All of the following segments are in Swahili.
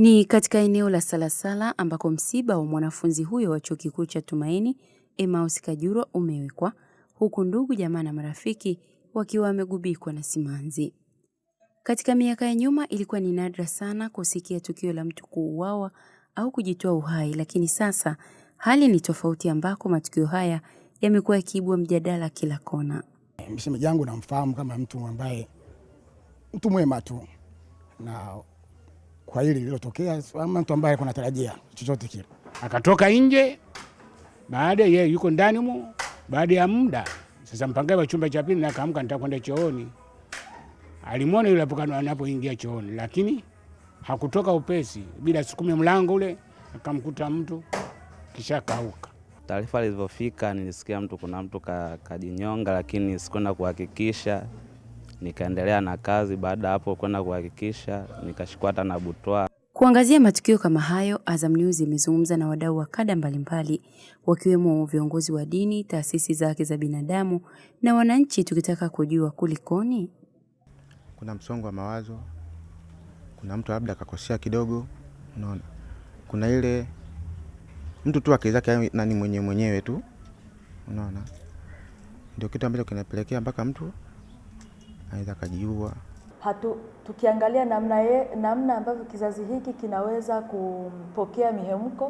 Ni katika eneo la Salasala ambako msiba wa mwanafunzi huyo wa Chuo Kikuu cha Tumaini Emmaus Kajura umewekwa huku ndugu jamaa na marafiki wakiwa wamegubikwa na simanzi. Katika miaka ya nyuma ilikuwa ni nadra sana kusikia tukio la mtu kuuawa au kujitoa uhai, lakini sasa hali ni tofauti, ambako matukio haya yamekuwa yakiibua mjadala kila kona. Msemaji wangu namfahamu kama mtu ambaye mtu mwema tu na kwa hili lililotokea, ama mtu ambaye kuna tarajia chochote kile. Akatoka nje, baada ye yuko ndani mu, baada ya muda sasa, mpangae wa chumba cha pili nakaamka, nitakwenda chooni. Alimwona yule anapoingia chooni, lakini hakutoka upesi, bila sukume mlango ule akamkuta mtu kisha kauka. Taarifa ilivyofika nilisikia mtu kuna mtu kajinyonga, lakini sikwenda kuhakikisha nikaendelea na kazi. Baada ya hapo kwenda kuhakikisha nikashikwa hata na butwa Kuangazia matukio kama hayo, Azam News imezungumza na wadau wa kada mbalimbali wakiwemo viongozi wa dini, taasisi za haki za binadamu na wananchi, tukitaka kujua kulikoni. Kuna msongo wa mawazo, kuna mtu labda akakosea kidogo, unaona, kuna ile mtu tu akili zake yaani nani mwenyewe mwenyewe tu, unaona, ndio kitu ambacho kinapelekea mpaka mtu aidha kajiua. Hatu, tukiangalia namna, ye, namna ambavyo kizazi hiki kinaweza kupokea mihemko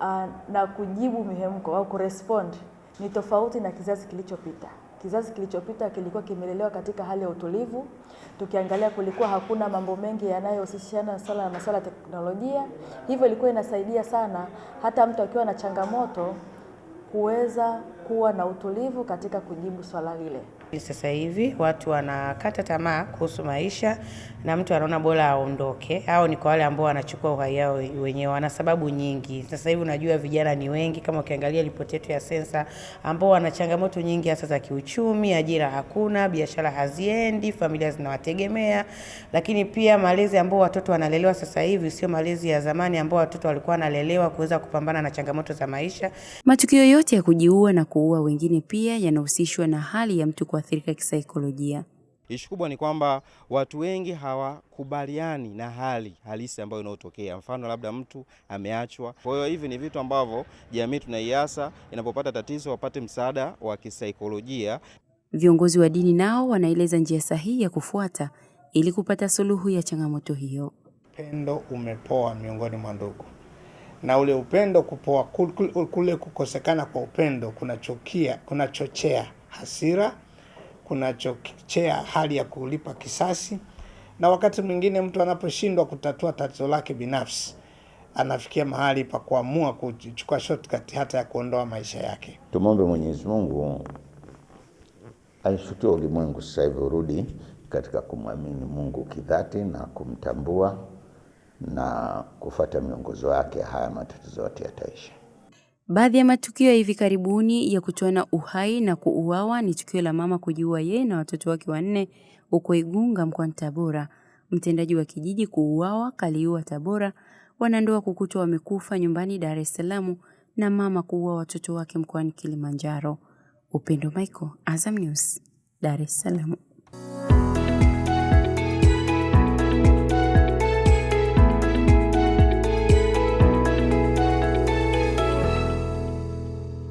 uh, na kujibu mihemko au kurespond ni tofauti na kizazi kilichopita. Kizazi kilichopita kilikuwa kimelelewa katika hali ya utulivu. Tukiangalia, kulikuwa hakuna mambo mengi yanayohusishana sana na masuala ya teknolojia, hivyo ilikuwa inasaidia sana hata mtu akiwa na changamoto kuweza kuwa na utulivu katika kujibu swala lile. Sasa hivi watu wanakata tamaa kuhusu maisha na mtu anaona bora aondoke, au ni kwa wale ambao wanachukua uhai wao wenyewe. Wana sababu nyingi. Sasa hivi unajua vijana ni wengi, kama ukiangalia ripoti yetu ya sensa, ambao wana changamoto nyingi hasa za kiuchumi. Ajira hakuna, biashara haziendi, familia zinawategemea, lakini pia malezi ambao watoto wanalelewa sasa hivi sio malezi ya zamani ambao watoto walikuwa wanalelewa kuweza kupambana na changamoto za maisha. Matukio yote ya kujiua na kuua wengine pia yanahusishwa na hali ya mtu kwa kuathirika kisaikolojia. Ishu kubwa ni kwamba watu wengi hawakubaliani na hali halisi ambayo inayotokea, mfano labda mtu ameachwa. Kwa hiyo hivi ni vitu ambavyo jamii tunaiasa, inapopata tatizo wapate msaada wa kisaikolojia. Viongozi wa dini nao wanaeleza njia sahihi ya kufuata ili kupata suluhu ya changamoto hiyo. Upendo umepoa miongoni mwa ndugu, na ule upendo kupoa, kule kukosekana kwa upendo kunachokia kunachochea hasira kunachochea hali ya kulipa kisasi, na wakati mwingine mtu anaposhindwa kutatua tatizo lake binafsi anafikia mahali pa kuamua kuchukua shortcut hata ya kuondoa maisha yake. Tumwombe Mwenyezi Mungu aishukia ulimwengu sasa hivi urudi katika kumwamini Mungu kidhati na kumtambua na kufata miongozo yake, haya matatizo yote yataisha. Baadhi ya matukio ya hivi karibuni ya kutoana uhai na kuuawa ni tukio la mama kujiua yeye na watoto wake wanne huko Igunga mkoani Tabora, mtendaji wa kijiji kuuawa Kaliua Tabora, wanandoa kukutwa wamekufa nyumbani Dar es Salaam na mama kuua watoto wake mkoani Kilimanjaro. Upendo Michael, Azam News, Dar es Salaam.